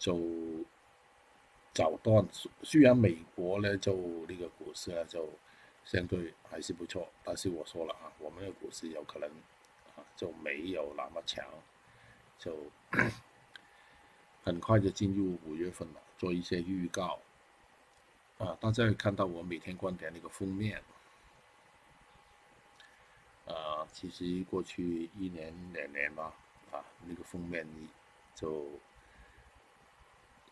就就早段，雖然美國呢，就那個股市呢就相對還是不錯，但是我說了啊，我們的股市有可能啊就沒有那麼強，就很快就進入五月份、啊，了，做一些預告。啊，大家有看到我每天觀點那個封面，啊，其實過去一年兩年吧、啊，啊，那個封面就。